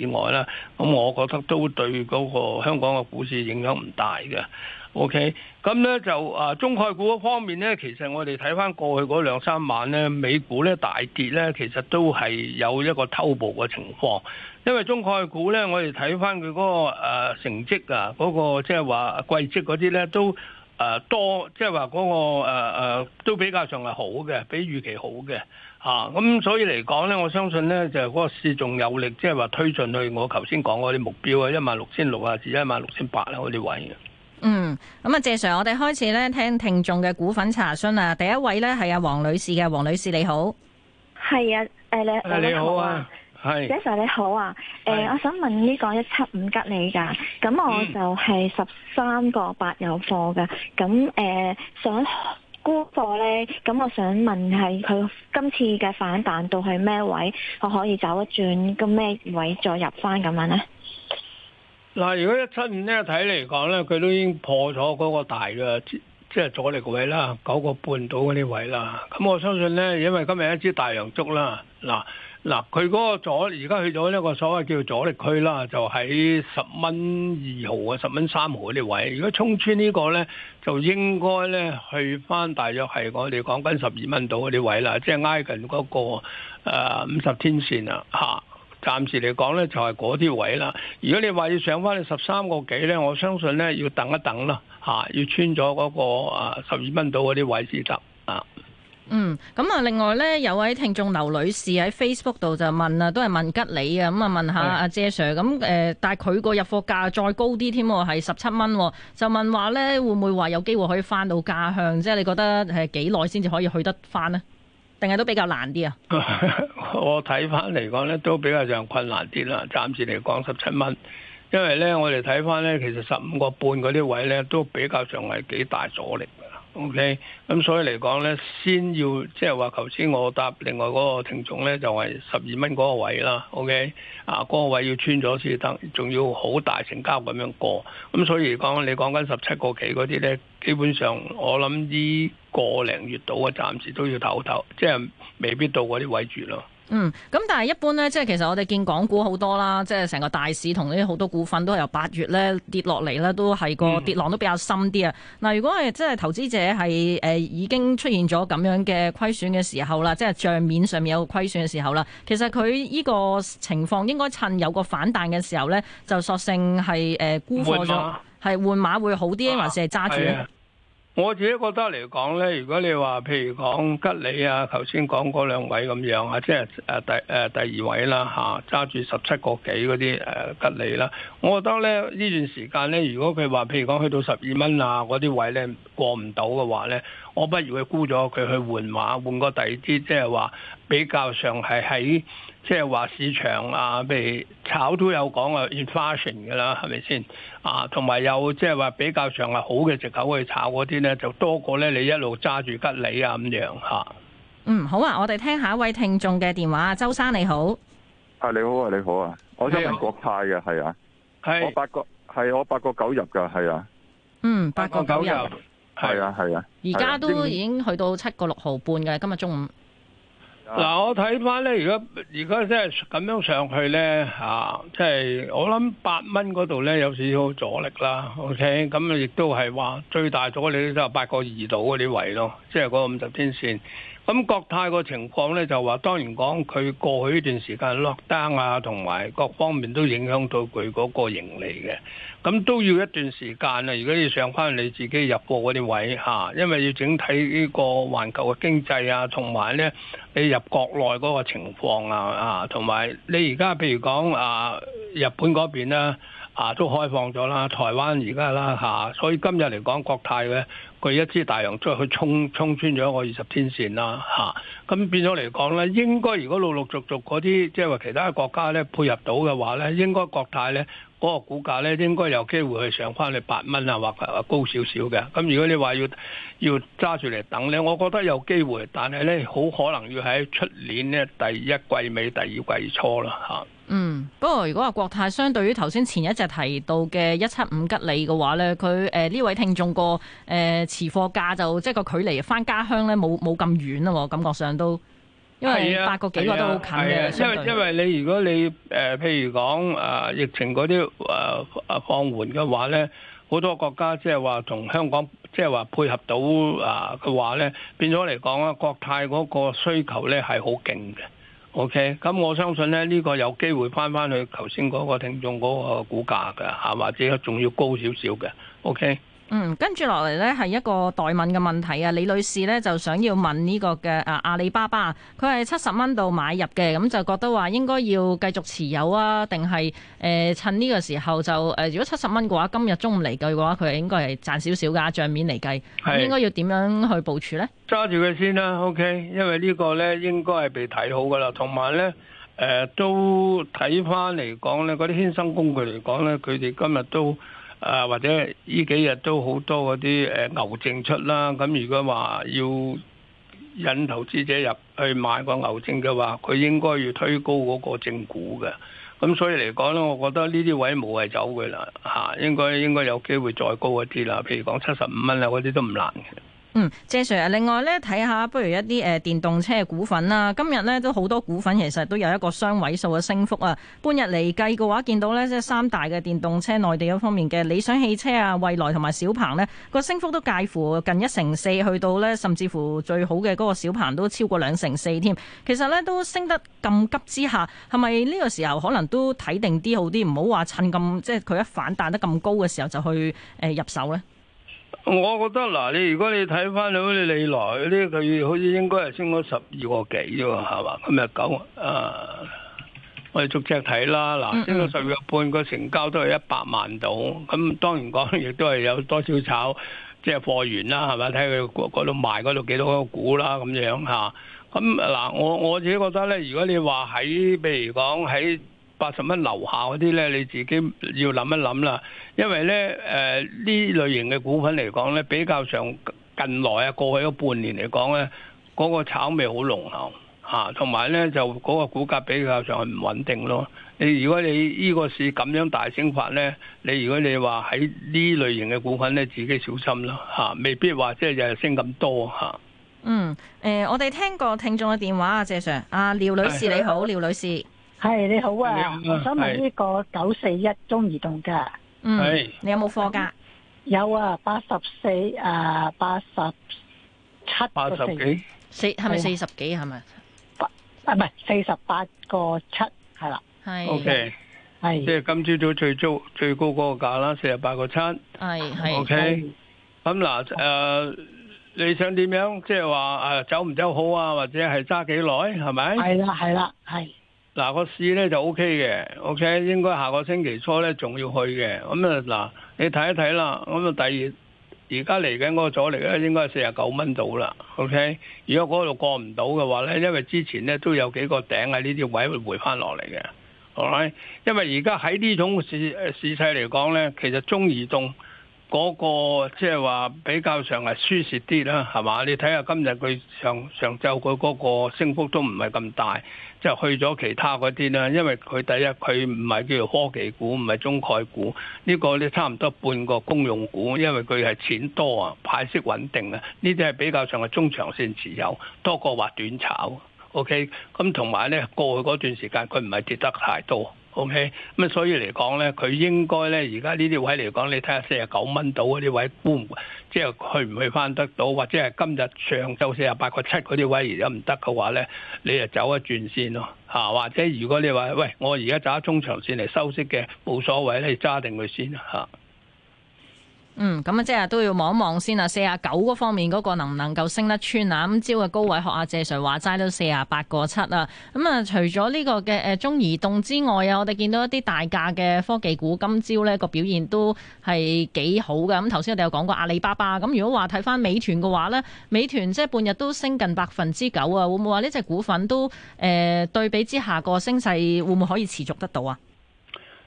以外啦，咁我覺得都對嗰個香港嘅股市影響唔大嘅。OK，咁咧就啊，中概股方面咧，其實我哋睇翻過去嗰兩三晚咧，美股咧大跌咧，其實都係有一個偷步嘅情況。因為中概股咧，我哋睇翻佢嗰個、呃、成績啊，嗰、嗰個即係話季績嗰啲咧，都誒、呃、多，即係話嗰個誒、呃、都比較上係好嘅，比預期好嘅。啊，咁所以嚟講咧，我相信咧就嗰個市仲有力，即係話推進去。我頭先講我啲目標啊，一萬六千六啊至一萬六千八啊，嗰啲位嘅。嗯，咁、嗯、啊，謝 Sir，我哋開始咧聽聽眾嘅股份查詢啊。第一位咧係阿黃女士嘅，黃女士你好。係啊，誒、呃，誒，好啊、你好啊，係，謝 Sir 你好啊，誒、嗯，我想問呢個一七五吉你噶，咁我就係十三個八有貨嘅，咁誒想。沽貨咧，咁我想問係佢今次嘅反彈到係咩位，我可以走一轉個咩位再入翻咁樣咧？嗱，如果一七五呢個睇嚟講咧，佢都已經破咗嗰個大嘅，即係阻力位啦，九個半到嗰啲位啦。咁、嗯、我相信咧，因為今日一支大陽燭啦，嗱。嗱，佢嗰個阻，而家去咗呢個所謂叫阻力區啦，就喺十蚊二毫啊，十蚊三毫啲位。如果衝穿呢個呢，就應該呢去翻大約係我哋講緊十二蚊到嗰啲位啦，即係挨近嗰個、呃、五十天線啊嚇。暫時嚟講呢，就係嗰啲位啦。如果你話要上翻去十三個幾呢，我相信呢要等一等咯嚇、啊，要穿咗嗰個啊十二蚊到嗰啲位先得。嗯，咁啊，另外咧有位聽眾劉女士喺 Facebook 度就問啊，都係問吉利啊，咁啊問下阿 Jasper，咁誒，但係佢個入貨價再高啲添喎，係十七蚊，就問話咧會唔會話有機會可以翻到家鄉？即係你覺得誒幾耐先至可以去得翻咧？定係都比較難啲啊？ 我睇翻嚟講咧，都比較上困難啲啦。暫時嚟講十七蚊，因為呢，我哋睇翻呢，其實十五個半嗰啲位呢，都比較上係幾大阻力。O K，咁所以嚟講咧，先要即係話，頭先我答另外嗰個聽眾咧，就係十二蚊嗰個位啦。O、okay? K，啊，嗰、嗰個位要穿咗先得，仲要好大成交咁樣過。咁所以嚟講你講緊十七個期嗰啲咧。基本上，我諗呢個零月度啊，暫時都要唞唞，即係未必到嗰啲位住咯。嗯，咁但係一般呢，即係其實我哋見港股好多啦，即係成個大市同呢啲好多股份都係由八月呢跌落嚟呢，都係個跌浪都比較深啲啊。嗱、嗯，如果係即係投資者係誒、呃、已經出現咗咁樣嘅虧損嘅時候啦，即係賬面上面有虧損嘅時候啦，其實佢呢個情況應該趁有個反彈嘅時候呢，就索性係誒沽貨咗。呃係換馬會好啲，還是係揸住？我自己覺得嚟講咧，如果你話譬如講吉利啊，頭先講嗰兩位咁樣，即係誒第誒第二位啦吓，揸住十七個幾嗰啲誒吉利啦，我覺得咧呢段時間咧，如果佢話譬如講去到十二蚊啊嗰啲位咧過唔到嘅話咧，我不如去沽咗佢去換馬，換個第二啲即係話。就是比較上係喺即係話市場啊，譬如炒都有講啊 inflation 嘅啦，係咪先啊？同埋有即係話比較上係好嘅藉口去炒嗰啲咧，就多過咧你一路揸住吉利啊咁樣吓。啊、嗯，好啊，我哋聽下一位聽眾嘅電話，周生你好。啊，你好啊，你好啊，我都係國泰嘅，係啊，啊，啊，我八個係我八個九入嘅，係啊。嗯，八個九入係啊係啊。而家、啊啊、都已經去到七個六毫半嘅，今日中午。嗱、啊，我睇翻咧，如果而家即係咁樣上去咧，嚇、啊，即、就、係、是、我諗八蚊嗰度咧有少少阻力啦。OK，咁啊亦都係話最大阻力都係八個二度嗰啲位咯，即係嗰個五十天線。咁國泰個情況咧，就話當然講，佢過去呢段時間落單啊，同埋各方面都影響到佢嗰個盈利嘅。咁都要一段時間啊，如果你上翻你自己入貨嗰啲位嚇、啊，因為要整體呢個環球嘅經濟啊，同埋咧你入國內嗰個情況啊，啊，同埋你而家譬如講啊，日本嗰邊咧。啊，都開放咗啦，台灣而家啦嚇，所以今日嚟講國泰咧，佢一支大陽出去衝衝穿咗我二十天線啦嚇，咁、啊啊、變咗嚟講咧，應該如果陸陸續續嗰啲即係話其他國家咧配合到嘅話咧，應該國泰咧嗰、那個股價咧應該有機會去上返去八蚊啊或高少少嘅。咁如果你話要要揸住嚟等咧，我覺得有機會，但係咧好可能要喺出年咧第一季尾第二季初啦嚇。啊。嗯，不過如果話國泰相對於頭先前一隻提到嘅一七五吉利嘅話咧，佢誒呢位聽眾個誒、呃、持貨價就即係個距離返家鄉咧冇冇咁遠咯，我感覺上都因為八個幾個都好近嘅、啊啊啊。因為因為你如果你誒譬如講啊、呃、疫情嗰啲誒誒放緩嘅話咧，好多國家即係話同香港即係話配合到啊嘅話咧、呃，變咗嚟講啊，國泰嗰個需求咧係好勁嘅。O.K.，咁我相信咧呢個有機會翻翻去頭先嗰個聽眾嗰個股價嘅吓，或者仲要高少少嘅。O.K. 嗯，跟住落嚟呢係一個代問嘅問題啊，李女士呢就想要問呢個嘅誒、啊、阿里巴巴，佢係七十蚊度買入嘅，咁就覺得話應該要繼續持有啊？定係誒趁呢個時候就誒、呃，如果七十蚊嘅話，今日中午嚟計嘅話，佢應該係賺少少噶賬面嚟計，是應該要點樣去部署呢？揸住佢先啦，啊，OK，因為呢個呢應該係被睇好噶啦，同埋呢，誒、呃、都睇翻嚟講呢嗰啲衍生工具嚟講呢，佢哋今日都。啊，或者呢幾日都好多嗰啲誒牛證出啦，咁如果話要引投資者入去買個牛證嘅話，佢應該要推高嗰個正股嘅，咁所以嚟講咧，我覺得呢啲位冇係走嘅啦，嚇、啊，應該應該有機會再高一啲啦，譬如講七十五蚊呀，嗰啲都唔難嗯，謝 Sir。另外呢，睇下不如一啲誒、呃、電動車嘅股份啦。今日呢，都好多股份其實都有一個雙位數嘅升幅啊。半日嚟計嘅話，見到呢即係三大嘅電動車內地方面嘅理想汽車啊、蔚來同埋小鵬呢，個升幅都介乎近一成四，去到呢，甚至乎最好嘅嗰個小鵬都超過兩成四添。其實呢，都升得咁急之下，係咪呢個時候可能都睇定啲好啲？唔好話趁咁即係佢一反彈得咁高嘅時候就去誒、呃、入手呢。我覺得嗱，你如果你睇翻到你嚟來呢個月，佢好似應該係升咗十二個幾喎，係嘛？咁又九啊、呃，我哋逐隻睇啦。嗱、嗯，升到十月半個成交都係一百萬度，咁當然講亦都係有多少炒，即係貨源啦，係咪？睇佢嗰度賣嗰度幾多個股啦，咁樣嚇。咁嗱，我我自己覺得咧，如果你話喺，譬如講喺八十蚊樓下嗰啲呢，你自己要諗一諗啦。因為呢，誒、呃、呢類型嘅股份嚟講呢，比較上近來啊過去嗰半年嚟講呢，嗰、那個炒味好濃厚，吓、啊，同埋呢，就嗰個股價比較上係唔穩定咯。你如果你呢個市咁樣大升法呢，你如果你話喺呢類型嘅股份呢，自己小心咯，吓、啊，未必話即係日日升咁多吓。啊、嗯，誒、呃，我哋聽過聽眾嘅電話啊，謝 Sir 阿廖女士你好，廖女士。呀係你好啊，我想問呢個九四一中移動噶，嗯，你有冇貨噶？有啊，八十四誒，八十七個四，四係咪四十幾係咪？八啊唔係四十八個七係啦，係，O K，係即係今朝早最租最高嗰個價啦，四十八個七，係係，O K，咁嗱誒，你想點樣？即係話誒走唔走好啊？或者係揸幾耐？係咪？係啦係啦係。嗱，個市咧就 O K 嘅，O K 應該下個星期初咧仲要去嘅。咁啊，嗱你睇一睇啦，咁啊、嗯、第二而家嚟緊嗰個阻力咧應該係四十九蚊到啦，O K 如果嗰度過唔到嘅話咧，因為之前咧都有幾個頂喺呢啲位會回翻落嚟嘅，好啦，因為而家喺呢種市誒市勢嚟講咧，其實中移動。嗰個即係話比較上係舒適啲啦，係嘛？你睇下今日佢上上晝佢嗰個升幅都唔係咁大，即係去咗其他嗰啲啦。因為佢第一佢唔係叫做科技股，唔係中概股，呢個咧差唔多半個公用股，因為佢係錢多啊，派息穩定啊，呢啲係比較上係中長線持有多過話短炒。OK，咁同埋咧過去嗰段時間佢唔係跌得太多。O K，咁所以嚟講咧，佢應該咧，而家呢啲位嚟講，你睇下四十九蚊度嗰啲位，搬即係去唔去翻得到？或者係今日上晝四十八個七嗰啲位，而家唔得嘅話咧，你就走一轉線咯，嚇、啊！或者如果你話喂，我而家走中長線嚟收息嘅，冇所謂咧，揸定佢先嚇。啊嗯，咁啊，即係都要望一望先啊，四十九嗰方面嗰個能唔能夠升得穿啊？咁朝嘅高位，學阿謝 Sir 話齋都四十八個七啦。咁、嗯、啊，除咗呢個嘅誒中移動之外啊，我哋見到一啲大價嘅科技股今朝呢個表現都係幾好嘅。咁頭先我哋有講過阿里巴巴，咁如果話睇翻美團嘅話呢，美團即係半日都升近百分之九啊，會唔會話呢隻股份都誒、呃、對比之下個升勢會唔會可以持續得到啊？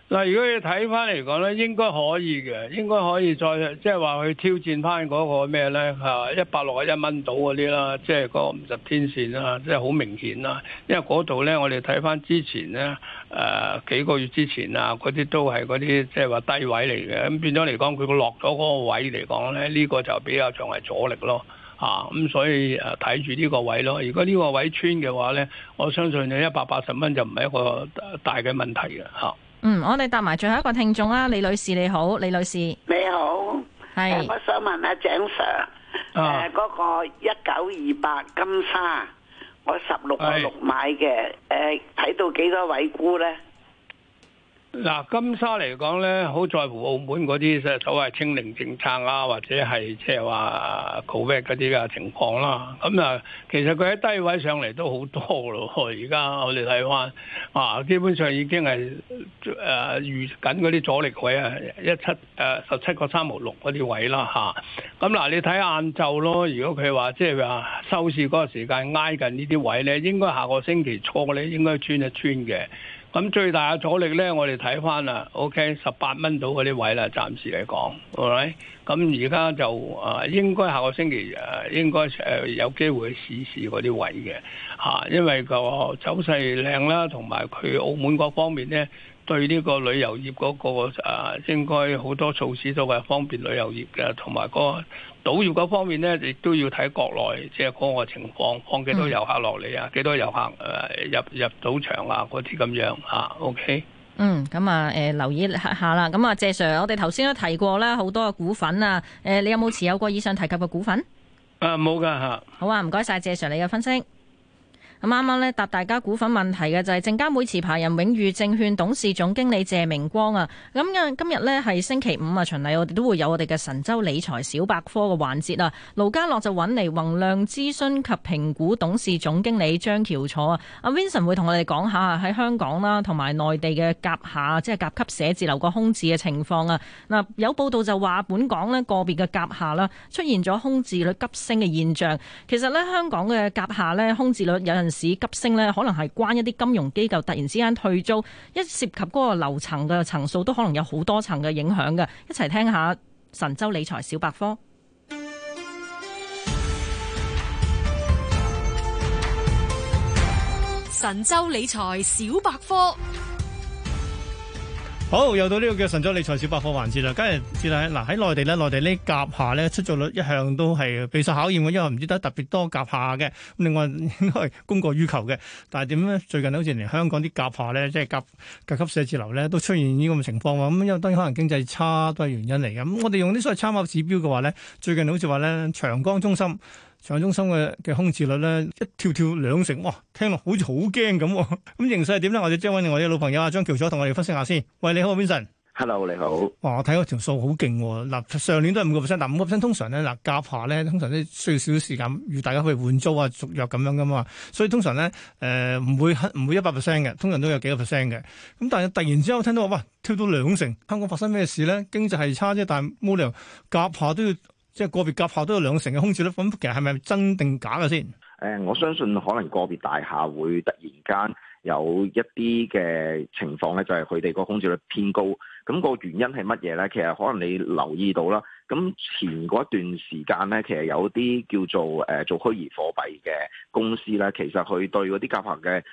嗱，如果你睇翻嚟講咧，應該可以嘅，應該可以再即係話去挑戰翻嗰個咩咧嚇一百六十一蚊到嗰啲啦，即係個五十天線啦，即係好明顯啦。因為嗰度咧，我哋睇翻之前咧，誒、呃、幾個月之前啊，嗰啲都係嗰啲即係話低位嚟嘅。咁變咗嚟講，佢落咗嗰個位嚟講咧，呢個就比較仲係阻力咯。啊，咁所以誒睇住呢個位咯。如果呢個位穿嘅話咧，我相信有一百八十蚊就唔係一個大嘅問題嘅嚇。啊。嗯，我哋答埋最後一個聽眾啦。李女士你好，李女士你好，係是、呃，我想問下、啊、井 Sir，誒、呃、嗰、那個一九二八金沙，我十六個六買嘅，誒睇是、呃、到幾多位沽咧？嗱，金沙嚟講咧，好在乎澳門嗰啲即係所謂清零政策啊，或者係即係話 COVID 嗰啲嘅情況啦。咁、嗯、啊，其實佢喺低位上嚟都好多咯。而家我哋睇翻啊，基本上已經係誒預緊嗰啲阻力位啊，一七誒十七個三毫六嗰啲位啦吓，咁嗱，你睇晏晝咯，如果佢話即係話收市嗰個時間挨近呢啲位咧，應該下個星期初咧應該穿一穿嘅。咁最大嘅阻力呢，我哋睇翻啦，OK，十八蚊到嗰啲位啦，暫時嚟講，Alright？咁而家就啊，應該下個星期誒啊，應該有機會試試嗰啲位嘅嚇、啊，因為個走勢靚啦，同埋佢澳門嗰方面呢，對呢個旅遊業嗰、嗰個啊，應該好多措施都係方便旅遊業嘅，同埋嗰，賭業嗰方面呢，亦都要睇國內即係嗰個情況，放幾多遊客落嚟啊？幾、嗯、多遊客誒、呃、入入賭場啊？嗰啲咁樣嚇、啊、OK。嗯，咁啊誒留意下啦。咁啊，謝 Sir，我哋頭先都提過啦，好多嘅股份啊。誒、呃，你有冇持有過以上提及嘅股份？誒、啊，冇㗎嚇。啊好啊，唔該晒，謝 Sir 你嘅分析。咁啱啱咧答大家股份問題嘅就係證監會持牌人永譽證券董事總經理謝明光啊。咁今日今日咧係星期五啊，循例，我哋都會有我哋嘅神州理財小百科嘅環節啊，盧家樂就揾嚟宏亮諮詢及評估董事總經理張喬楚啊。阿 Vincent 會同我哋講下喺香港啦同埋內地嘅甲下即係甲級寫字樓個空置嘅情況啊。嗱，有報道就話本港呢個別嘅甲下啦出現咗空置率急升嘅現象。其實咧香港嘅甲下咧空置率有人。市急升咧，可能係關一啲金融機構突然之間退租，一涉及嗰個樓層嘅層數，都可能有好多層嘅影響嘅。一齊聽一下《神州理財小百科》。神州理財小百科。好，又到呢個叫神州理財小百科環節啦，今日節啦，嗱喺內地咧，內地呢地甲下咧出租率一向都係備受考驗嘅，因為唔知得特別多甲下嘅，另外應該係供過於求嘅，但係點咧？最近好似連香港啲甲下咧，即係甲甲級寫字樓咧，都出現呢咁嘅情況，咁因為當然可能經濟差都係原因嚟嘅。咁我哋用啲所謂參考指標嘅話咧，最近好似話咧長江中心，上中心嘅嘅空置率咧，一跳跳兩成，哇！聽落好似好驚咁。咁形勢係點咧？我哋即刻揾另外啲老朋友阿張橋楚同我哋分析下先。喂，你好 Vincent。Hello，你好。哇，我睇嗰條數好勁。嗱，上年都係五個 percent，但五個 percent 通常咧，嗱，夾下咧，通常都需要少少時間，與大家可以換租啊、續約咁樣噶嘛。所以通常咧，誒、呃、唔會唔會一百 percent 嘅，通常都有幾個 percent 嘅。咁但係突然之間聽到話，哇，跳到兩成，香港發生咩事咧？經濟係差啫，但係冇理由夾下都要。即係個別甲客都有兩成嘅空置率，咁其實係咪真定假嘅先？誒、呃，我相信可能個別大廈會突然間有一啲嘅情況咧，就係佢哋個空置率偏高。咁、那個原因係乜嘢咧？其實可能你留意到啦。咁前嗰段時間咧，其實有啲叫做誒、呃、做虛擬貨幣嘅公司咧，其實佢對嗰啲甲客嘅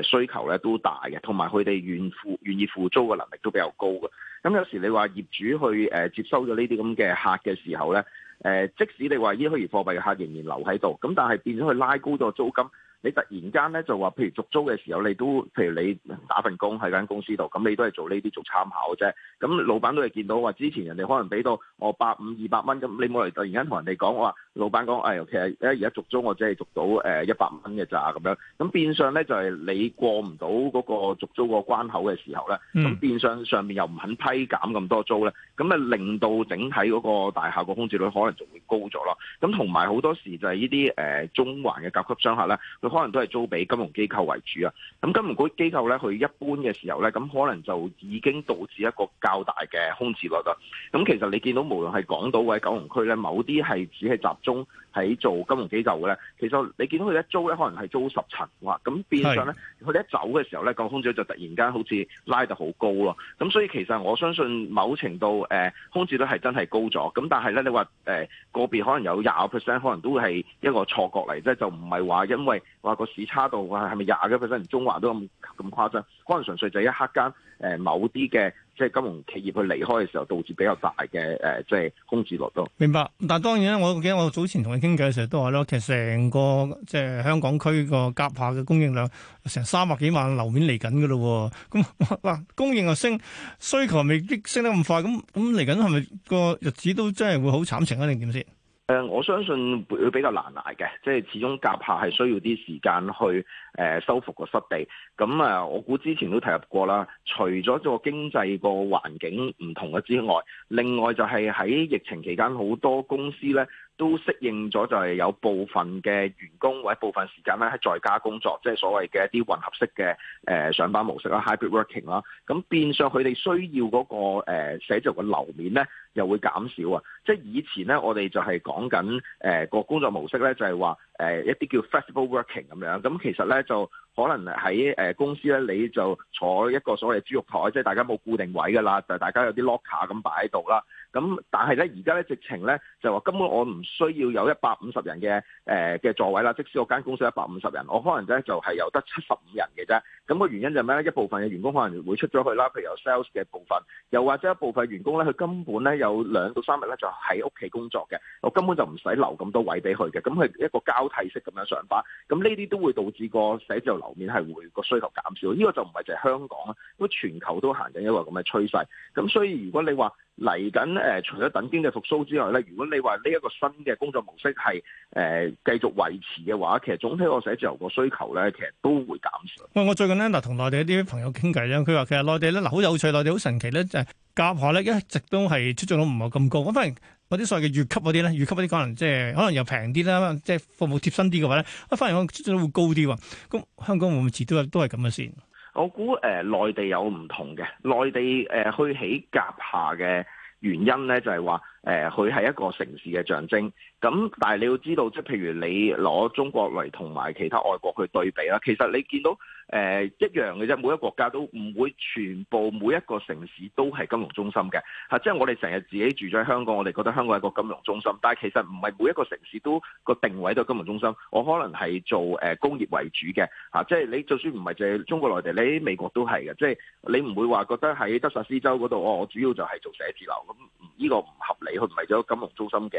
誒需求咧都大嘅，同埋佢哋願付願意付租嘅能力都比較高嘅。咁、嗯、有時你話業主去誒、呃、接收咗呢啲咁嘅客嘅時候咧，誒、呃、即使你話依虛擬貨幣嘅客仍然留喺度，咁但係變咗佢拉高咗租金。你突然間咧就話，譬如續租嘅時候，你都譬如你打份工喺間公司度，咁你都係做呢啲做參考嘅啫。咁老闆都係見到話，之前人哋可能俾到我百五二百蚊，咁、哦、你冇嚟突然間同人哋講，我話老闆講誒、哎，其實而家續租我只係續到誒一百五蚊嘅咋咁樣。咁、呃、變相咧就係、是、你過唔到嗰個續租個關口嘅時候咧，咁變相上面又唔肯批減咁多租咧，咁啊令到整體嗰個大廈個空置率可能仲會高咗咯。咁同埋好多時就係呢啲誒中環嘅甲級商客咧。可能都係租俾金融機構為主啊，咁金融機構構金融機構咧，佢一般嘅時候咧，咁可能就已經導致一個較大嘅空置率啦。咁其實你見到無論係港島或者九龍區咧，某啲係只係集中喺做金融機構嘅咧，其實你見到佢一租咧，可能係租十層哇，咁變相咧，佢是一走嘅時候咧，個空置率就突然間好似拉得好高咯。咁所以其實我相信某程度誒、呃，空置率係真係高咗。咁但係咧，你話誒、呃、個別可能有廿個 percent，可能都會係一個錯覺嚟，即係就唔係話因為話個市差度係咪廿個 percent，連中環都咁咁誇張，可能純粹就一刻間誒、呃、某啲嘅。即係金融企業佢離開嘅時候，導致比較大嘅誒，即係空置率都明白。但係當然啦，我記得我早前同你傾偈嘅時候都話咯，其實成個即係香港區個甲廈嘅供應量成三百幾萬樓面嚟緊噶咯。咁嗱，供應又升，需求未必升得咁快。咁咁嚟緊係咪個日子都真係會好慘情咧？定點先？誒、呃，我相信會比較難捱嘅，即係始終夾下係需要啲時間去誒、呃、修復個濕地。咁啊、呃，我估之前都提及過啦，除咗個經濟個環境唔同嘅之外，另外就係喺疫情期間好多公司咧都適應咗，就係有部分嘅員工或者部分時間咧喺在家工作，即係所謂嘅一啲混合式嘅誒、呃、上班模式啦，hybrid working 啦。咁變相佢哋需要嗰、那個誒、呃、寫字嘅樓面咧，又會減少啊！即係以前咧，我哋就係講緊誒個工作模式咧，就係話誒一啲叫 flexible working 咁樣。咁、嗯、其實咧，就可能喺誒、呃、公司咧，你就坐一個所謂嘅豬肉台，即係大家冇固定位噶啦，就大家有啲 locker 咁擺喺度啦。咁、嗯、但係咧，而家咧直情咧就話、是、根本我唔需要有一百五十人嘅誒嘅座位啦。即使我間公司一百五十人，我可能咧就係、是、有得七十五人嘅啫。咁、嗯、個原因就係咩咧？一部分嘅員工可能會出咗去啦，譬如有 sales 嘅部分，又或者一部分員工咧，佢根本咧有兩到三日咧就喺屋企工作嘅，我根本就唔使留咁多位俾佢嘅。咁、嗯、佢一個交替式咁樣上班。咁呢啲都會導致個寫字樓面係會個需求減少。呢、這個就唔係就係香港啦，咁全球都行緊一個咁嘅趨勢。咁、嗯、所以如果你話，嚟緊誒，除咗等經濟復甦之外咧，如果你話呢一個新嘅工作模式係誒繼續維持嘅話，其實總體我寫字樓個需求咧，其實都會減少。喂，我最近咧嗱，同內地一啲朋友傾偈咧，佢話其實內地咧嗱，好有趣，內地好神奇咧，就係甲廈咧一直都係出租率唔係咁高。我反而我啲所謂嘅乙級嗰啲咧，乙級嗰啲可能即係可能又平啲啦，即係服務貼身啲嘅話咧，我反而我出租率會高啲喎。咁香港會唔會遲都都係咁嘅先？我估誒內地有唔同嘅，內地誒、呃、去起甲下嘅原因咧，就係話誒佢係一個城市嘅象徵。咁但係你要知道，即係譬如你攞中國嚟同埋其他外國去對比啦，其實你見到。誒 一樣嘅啫，每一個國家都唔會全部每一個城市都係金融中心嘅，嚇、啊，即係我哋成日自己住咗喺香港，我哋覺得香港係一個金融中心，但係其實唔係每一個城市都個定位都係金融中心，我可能係做誒工業為主嘅，嚇、啊，即係你就算唔係就係中國內地，你喺美國都係嘅，即係你唔會話覺得喺德薩斯州嗰度，哦，我主要就係做寫字樓，咁呢個唔合理，佢唔係咗金融中心嘅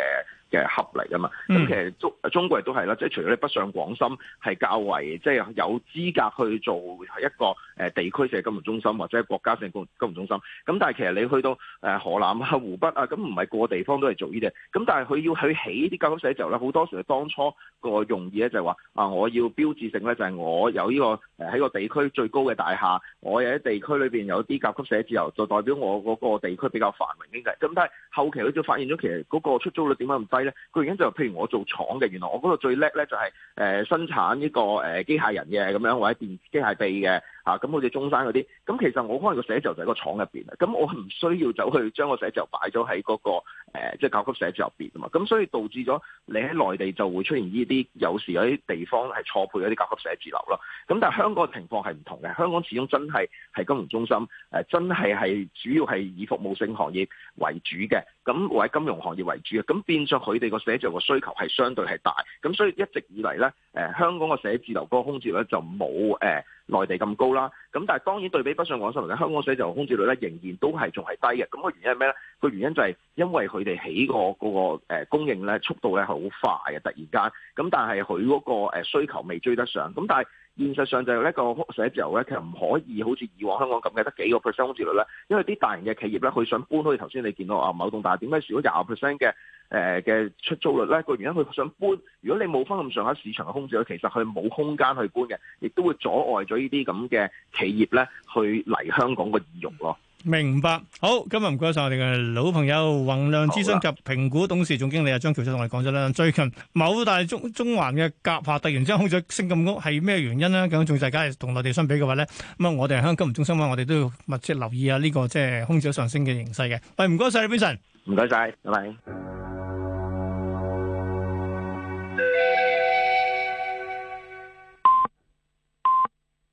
嘅合理噶嘛，咁其實中中國人都係啦，即係除咗你北上廣深係較為即係有資格去。做係一個誒地區性金融中心或者國家性金融中心，咁但係其實你去到誒河南啊、湖北啊，咁唔係個個地方都係做呢啲，咁但係佢要去起啲甲級寫字樓咧，好多時係當初個用意咧就係話啊，我要標誌性咧就係我有呢個誒喺個地區最高嘅大廈，我有啲地區裏邊有啲甲級寫字樓，就代表我嗰個地區比較繁榮經濟。咁但係後期佢就發現咗，其實嗰個出租率點解咁低咧？佢而家就係、譬如我做廠嘅，原來我嗰度最叻咧就係、係、誒、呃、生產呢個誒、呃、機械人嘅咁樣或者電機械臂嘅嚇，咁好似中山嗰啲，咁其實我可能個寫字樓就喺個廠入邊啊，咁我唔需要走去將個寫字樓擺咗喺嗰個即係甲級寫字樓入邊啊嘛，咁所以導致咗你喺內地就會出現呢啲有時有啲地方係錯配一啲甲級寫字樓咯，咁但係香港嘅情況係唔同嘅，香港始終真係係金融中心，誒、呃、真係係主要係以服務性行業為主嘅，咁或係金融行業為主嘅，咁變咗佢哋個寫字樓嘅需求係相對係大，咁所以一直以嚟咧，誒、呃、香港個寫字樓嗰個空置率就冇誒、呃內地咁高啦，咁但係當然對比不上廣州嚟，埋香港水就空置率咧，仍然都係仲係低嘅。咁個原因係咩咧？個原因就係因為佢哋起個嗰個誒供應咧，速度咧係好快嘅，突然間。咁但係佢嗰個誒需求未追得上。咁但係現實上就係呢個寫字樓咧，其實唔可以好似以往香港咁嘅得幾個 percent 空置率咧，因為啲大型嘅企業咧，佢想搬，好似頭先你見到啊某棟大點，點解選廿 percent 嘅誒嘅出租率咧？個原因佢想搬，如果你冇翻咁上下市場嘅空置率，其實佢冇空間去搬嘅，亦都會阻礙咗呢啲咁嘅企業咧去嚟香港嘅移入咯。明白，好，今日唔該晒我哋嘅老朋友宏亮諮詢及評估的董事總經理阿張喬生同我哋講咗啦，最近某大中中環嘅甲廈突然之間空置升咁高，係咩原因呢？咁仲大家同內地相比嘅話咧，咁啊，我哋喺香港金融中心咧，我哋都要密切留意下、啊、呢、這個即係空置上升嘅形勢嘅。喂，唔該晒你 Vincent 唔該晒，拜拜。